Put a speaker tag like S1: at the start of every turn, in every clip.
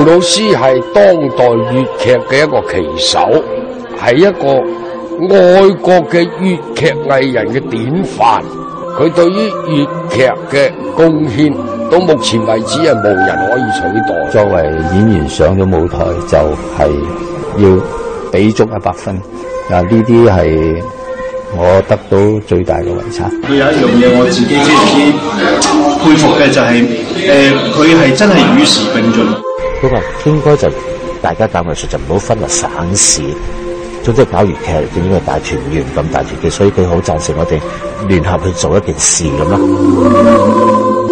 S1: 胡老師係當代粵劇嘅一個旗手，係一個愛國嘅粵劇藝人嘅典範。佢對於粵劇嘅貢獻，到目前為止係冇人可以取代。
S2: 作為演員上咗舞台，就係、是、要俾足一百分。嗱，呢啲係我得到最大嘅遺產。佢
S3: 有一樣嘢，我自己非常之佩服嘅就係、是，誒、呃，佢係真係與時並進。不過應該就大家講嚟，就唔好分為省市，總之搞粵劇就應該大團圓咁大團結，所以佢好贊成我哋聯合去做一件事咁咯。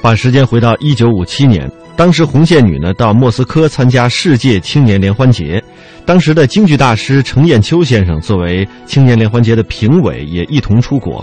S3: 把時間回到一九五七年，當時紅線女呢到莫斯科參加世界青年聯歡節，當時的京劇大師程硯秋先生作為青年聯歡節的評委，也一同出國。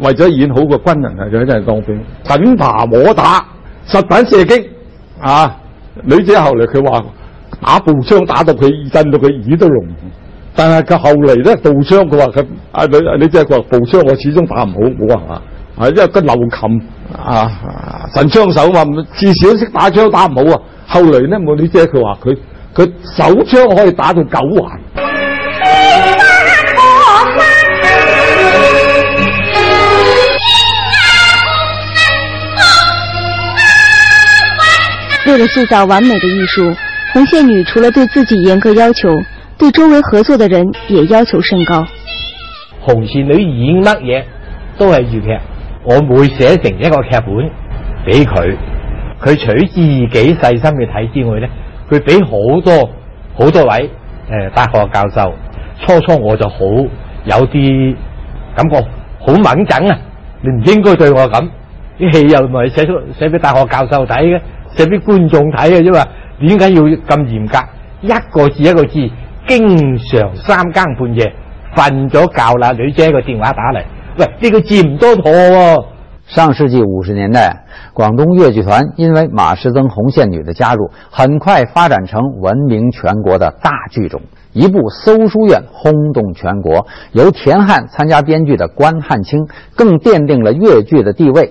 S1: 為咗演好個軍人啊，佢真係當兵，緊爬摸打，實彈射擊啊！女姐後嚟佢話打步槍打到佢震到佢耳都聾，但係佢後嚟咧步槍佢話佢啊女啊女姐佢話步槍我始終打唔好，冇啊，啊因係即劉個琴啊神槍手嘛，至少都識打槍打唔好啊！後嚟咧，我女姐佢話佢佢手槍可以打到九環。
S4: 為了塑造完美的藝術，紅線女除了對自己嚴格要求，對周圍合作的人也要求甚高。
S1: 紅線女演乜嘢都係粵劇，我每寫成一個劇本俾佢，佢除自己細心去睇之外咧，佢俾好多好多位誒、呃、大學教授。初初我就好有啲感覺，好猛整啊！你唔應該對我咁，啲戲又唔係寫出寫俾大學教授睇嘅。就俾觀眾睇啊，啫嘛，點解要咁嚴格？一個字一個字，經常三更半夜瞓咗覺啦，女姐一個電話打嚟，
S2: 喂呢、呢個字唔多妥喎、啊。上世紀五十年代，廣東越劇粵劇團因為馬師曾紅線女的加入，很快發展成聞名全國嘅大劇種。一部《搜書院》轟動全國，由田漢參加編劇的《關漢卿》，更奠定了粵劇的地位。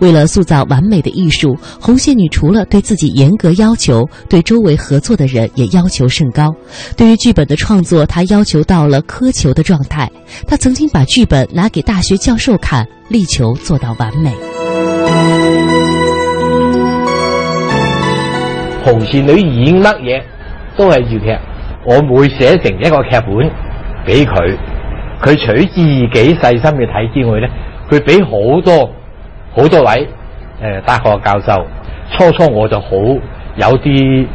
S5: 為了塑造完美的藝術，紅線女除了對自己嚴格要求，對周圍合作的人也要求甚高。對於劇本的創作，她要求到了苛求的狀態。她曾經把劇本拿給大學教授看，力求做到完美。
S1: 紅線女演乜嘢都係粵劇，我每寫成一個劇本俾佢，佢除自己細心嘅睇之外咧，佢俾好多。好多位、呃、大學教授，初初我就好有啲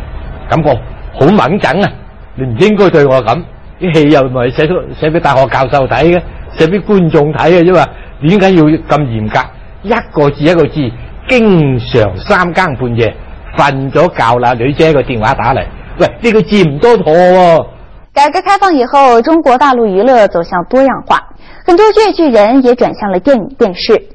S1: 感覺好猛緊啊！你唔應該對我咁啲戲又唔係寫出寫俾大學教授睇嘅，寫俾觀眾睇嘅啫嘛？點解要咁嚴格一個字一個字？經常三更半夜瞓咗覺啦，了教了女姐個電話打嚟，喂呢、呢個字唔多妥喎、啊。
S4: 改革開放以後，中國大陸娛樂走向多樣化，很多粵劇，劇人也轉向了電影、電視。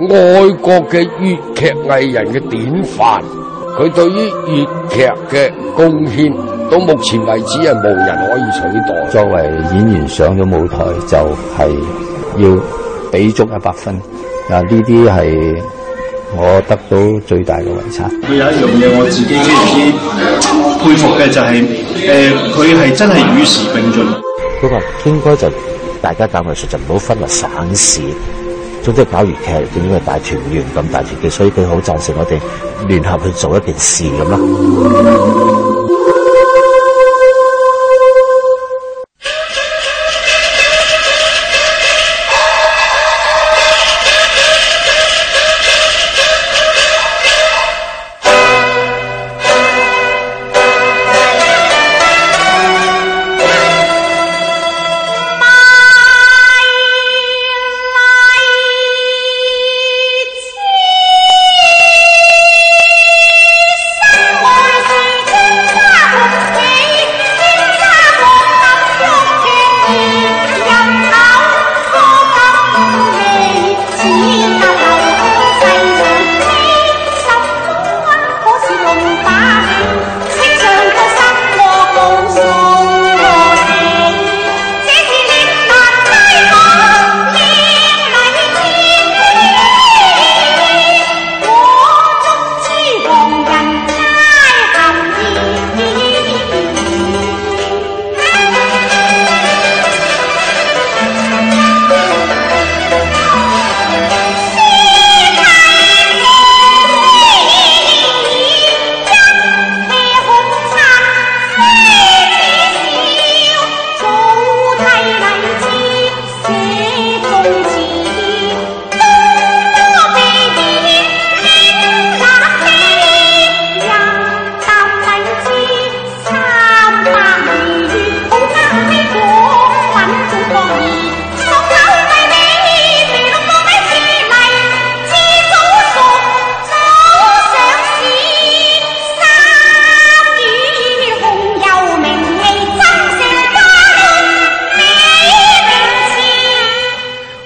S1: 愛國嘅粵劇藝人嘅典範，佢對於粵劇嘅貢獻，到目前為止係冇人可以取代。
S2: 作為演員上咗舞台，就係、是、要俾足一百分。嗱，呢啲係我得到最大嘅遺產。佢有
S3: 一樣嘢，我自己非常之佩服嘅就係、是，誒、呃，佢係真係與時並進。佢話，應該就大家教藝術，就唔好分為省市。總之，係搞粵劇就因為大團圓咁大團結，所以佢好贊成我哋聯合去做一件事咁咯。